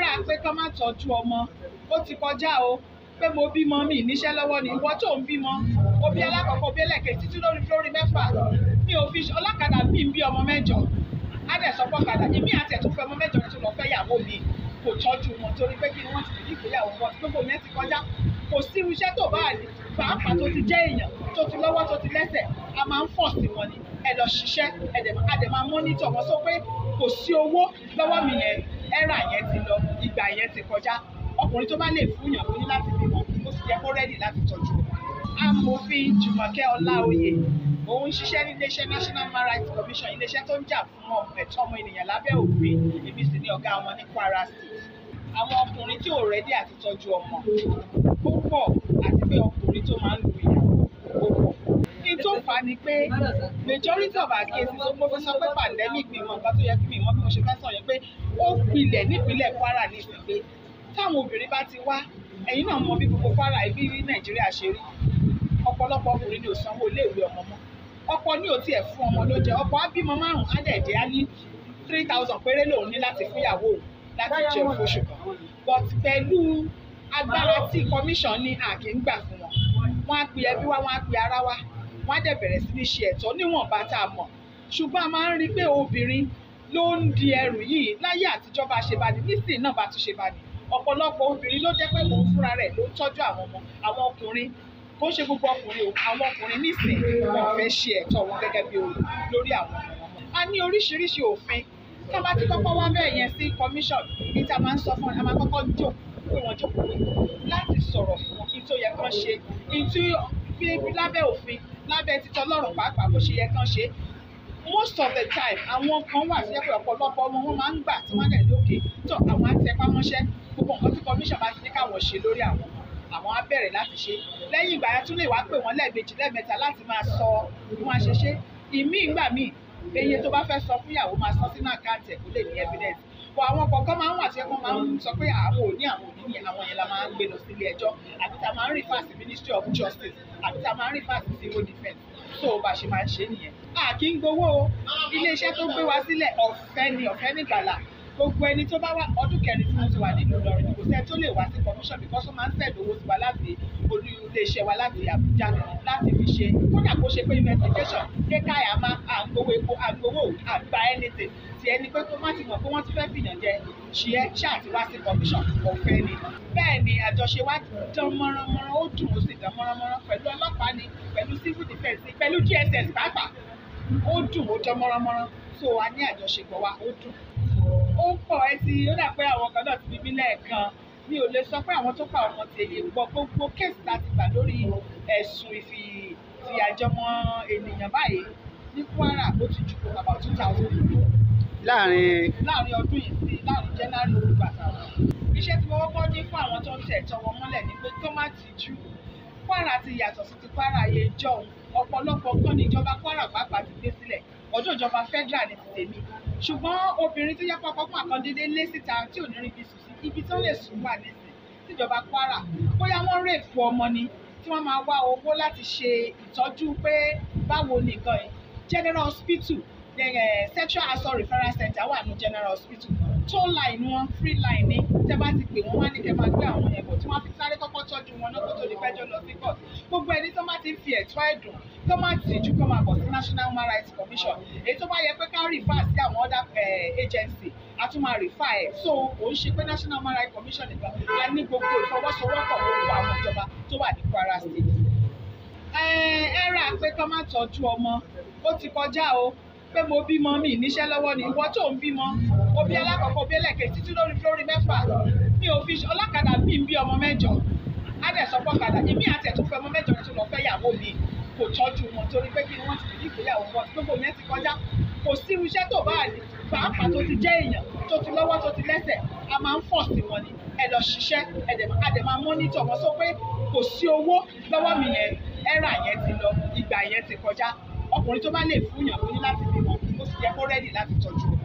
náírà pé kọ́ má tọ́jú ọmọ ó ti kọjá o pé mo bímọ mi níṣẹ́ lọ́wọ́ ni ìwọ tó ń bímọ obi alákọ̀ọ́kọ́ obi ẹlẹ́kẹ̀ títí lórí lórí mẹ́fà mi ò fi ọlọ́kadà mi ń bí ọmọ mẹ́jọ adẹ̀sọ́pọ̀ kadà èmi àti ẹ̀ tó fẹ́ ọmọ mẹ́jọ tó lọ fẹ́ yàwó mi kò tọ́jú wọn torí pé kí ni wọ́n ti fi ìgbéyàwó wọn tí gbogbo yẹn ti kọjá kò sí irúṣẹ́ tó bá àlè pàápàá tó ti jẹ́ èèyàn tó ti lọ́wọ́ tó ti lẹ́sẹ̀ a máa ń fọ̀ sí wọn ni ẹ lọ ṣiṣẹ́ ẹ dẹ̀ máa mọ́nítọ̀ wọn sọ pé kò sí owó lọ́wọ́ mi yẹn ẹ̀rà yẹn ti lọ ìgbà yẹn ti kọjá ọkùnrin tó bá lè fún yàn ó ní láti bímọ ó sì yẹ kó rẹ́dì láti tọ́jú amòfin jùmọ̀kẹ́ ọláoyè òun ṣiṣẹ́ ní iléeṣẹ́ national human rights commission iléeṣẹ́ tó ń jà fún ẹ̀tọ́ ọmọ ènìyàn lábẹ́ òfin èmi sì ni ọ̀gá wọn ní kwara state àwọn ọkùnrin tí ò rẹ́dì àti tọ́jú ọmọ ó pọ̀ àti pé ọkùnrin tó máa ń lu ìyàwó tó fà á ni pé majority of our cases ó mọ́ fi sọ pé pandemic mi mọ̀ nǹkan tó yẹ kí mi mọ̀ bí mo ṣe fẹ́ sọ yẹn pé ó pilẹ̀ nípínlẹ̀ Kwara ní ìsìnkú táwọn obìnrin bá ti wá ẹ̀yin náà mọ bí gbogbo Kwara ibi ní Nàìjíríà ṣe rí ọ̀pọ̀lọpọ̀ ọkùnrin ni ò sanwó iléèwé ọmọ mọ́ ọkọ ní ò tiẹ̀ fún ọmọ lóúnjẹ ọkọ á bímọ márùn-ún á dẹ̀ jẹ́ á ní three thousand péré lòun ní láti fúnyàwó láti jẹun fóṣù kan but pẹ̀lú agbára tí commission ní àkíngbà fún wọn wọ́n á pe ẹbí wa wọ́n á pe ara wa wọ́n á dẹ̀ bẹ̀rẹ̀ sí ní ṣe ẹ̀tọ́ níwọ̀nba tá a mọ̀ ṣùgbọ́n a máa ń rí i pé obìnrin ló ń di ẹrù yìí láyé àtijọ́ bá ṣe bá ní nísìnyí náà bá tún ṣe bá ní ọ̀pọ̀lọpọ̀ obìnrin ló jẹ́ pé òun fúnra rẹ̀ ló ń tọ́jú àwọn ọmọ àwọn ọkùnrin kó ṣe gbogbo ọkùnrin o àwọn ọkùnrin nísìn wọn fẹ́ ṣe ẹ̀tọ́ wọn gẹ́gẹ́ bí olè lórí àwọn ọmọ a ní oríṣiríṣi òfin tá a bá ti kọ́kọ́ commission ní a máa ń sọ fún wọn a máa kọ́kọ́ jò pé wọ́n jókòó láti sọ̀rọ̀ fún wọn kí n tó yẹ kán ṣe kí n tó fi lábẹ́ títọ́ ọlọ́run pàápàá bó ṣe yẹ kán ṣe most of the time àwọn kan wà sí ẹ̀pẹ̀ ọ̀pọ̀lọpọ̀ wọn wọ́n máa ń gbà tí wọ́n dẹ̀ lókè tó àwọn àtẹpámọ́ṣẹ́ gbogbo nǹkan tí commission bá ti ní káwọn ṣe lórí àwọn àwọn á bẹ̀rẹ̀ láti ṣe lẹ́yìn ìgbà yẹn tún lè wá pè wọ́n lẹ́ẹ̀mejì lẹ́ẹ̀mẹ́ta láti máa sọ bí wọ́n á ṣe ṣe ìmí ìgbà míì eye tó bá fẹ́ sọ fún ìyàwó máa sọ sínú àkáǹtì ẹ̀ kó lè ní evidence bọ̀ àwọn kọ̀ọ̀kan máa ń wà tí ẹ̀kọ́ máa ń sọ pé àwọn ò ní àwọn òbí yẹn àwọn yẹn la máa ń gbé lọ sí ẹjọ́ àbí tá a máa ń rìn fásitì ministry of justice àbí tá a máa ń rìn fásitì civil defence tó o bá ṣe máa ń ṣe nìyẹn. a kì í gbowó o ilé iṣẹ́ tó gbé wa sílẹ̀ ọ̀fẹ́ ni ọ̀fẹ́ nígbàlà gbogbo ẹni tó bá wà ọdún kẹrin tí mo ti wà commission because wọ́n máa ń sẹ̀dọ̀ owó tiwa láti olú iléeṣẹ́ wa láti Àbújá láti fi ṣe kódà kó ṣe pé investigation dé káyà máa àgbowó epo àgbowó àgbà anything ti ẹni pé kó má ti mọ̀ pé wọ́n ti fẹ́ fìyàn jẹ ṣe é ṣáàtì wá sí commission ọ̀fẹ́ ni bẹ́ẹ̀ ni àjọṣe wa dán mọ́ránmọ́rán ó dùn ó sì dán mọ́ránmọ́rán pẹ̀lú ọlọ́pàá ni pẹ̀lú civil defence ni pẹ̀lú DSS pàápàá ó dùn ó dán mọ́ránmọ́rán so a ní àjọṣepọ̀ wa ó dùn ó pọ̀ ẹ ti ó dà pé àwọn kan náà ti fi mí lẹ́ẹ̀kan mi ò lè sọ pé àwọn tó pa ọmọ tèmi pọ̀ gbogbo kéèsì láti gbà lórí ẹ̀sùn ìfìyàjọmọ ènìyàn báyìí ní Kwara ó ti ju about two thousand people. láàrin láàrin ọdún yìí sí láàrin January olùbàdàn iṣẹ́ tí mo kọ́kọ́ ní fún àwọn tó ń tẹ̀ tọwọ́ mọ́lẹ̀ ni pé tó má ti jù Kwara ti yàtọ̀ sí ti Kwara yẹ jọ̀hún ọ̀pọ̀lọpọ̀ kan ní ìjọba Kwara pàápàá ti gbé sílẹ̀ ọjọ́ ìjọba federal ní ti tèmi ṣùgbọ́n obìnrin tó yẹ pọ́pọ́ fún àkàndéédé lé síta tí ò ní rí bí sùn sí ibi tó lè sùn wà nísìnyí síjọba Kwara bóyá wọ́n rèèfù ọmọ ni tí wọ́n máa wá owó láti ṣe ìtọ́jú pé báwo nìkan ẹ̀ General Hospital eh, sexual Assault Referral Center wà ní General Hospital tow line wọn free line ni tẹ bá ti pè wọn wá ní kẹ máa gbé àwọn ẹ̀kọ́ tí wọ́n fi sáré kọ́kọ́ tọ́jú wọn náà kó tó di fẹ́jọ́ lọ sí court gbogbo ẹni tó má ti fi ẹ̀tọ́ ẹ̀dùn tó má ti jù kó máa bọ̀ sí National Human Rights Commission èyí tó bá yẹ pé ká rìfà sí àwọn other eh, agency a tún máa rìfà ẹ̀ so kò ń ṣe pé National Human Rights Commission nìkan a ní gbogbo ìfọwọ́sowọ́pọ̀ gbogbo àwọn ìjọba tó wà ní Kwara State ẹ eh, ẹ rà pé kọ́ má tọ́jú ọmọ ó ti kọjá o pé mo bímọ mi níṣẹ́ lọ́wọ́ ni ìwọ tó ń bímọ òbí alákọ̀ọ́kọ́ òbí ẹlẹ́kẹ̀ẹ́ títí lórí lórí mẹ́fà mi ò fi ọlọ́kadà bí n bí ọmọ mẹ́jọ adẹ̀sọ́pọ̀ kadà èmi àti ẹ̀tún fẹ́ ọmọ mẹ́jọ tó lọ fẹ́ yàwó mi kò tọ́jú wọn torí pé kí wọ́n ti fi ìgbéyàwó wọn gbogbo yẹn ti kọjá kò sí irúṣẹ́ tó bá àlè pàápàá tó ti jẹ́ èèyàn tó ti lọ́wọ́ tó ti lẹ́sẹ̀ a máa ń fọ̀ sí wọn ni ẹ lọ ṣiṣẹ́ a dẹ̀ máa mọ́nítọ̀ wọn sọ pé kò sí owó lọ́wọ́ mi yẹn ẹ̀rà yẹn ti lọ ìgbà yẹn ti kọjá ọkùnrin tó bá lè fún yàn lóyún láti bímọ ó sì yẹ kó rẹ́dì láti tọ́jú ọ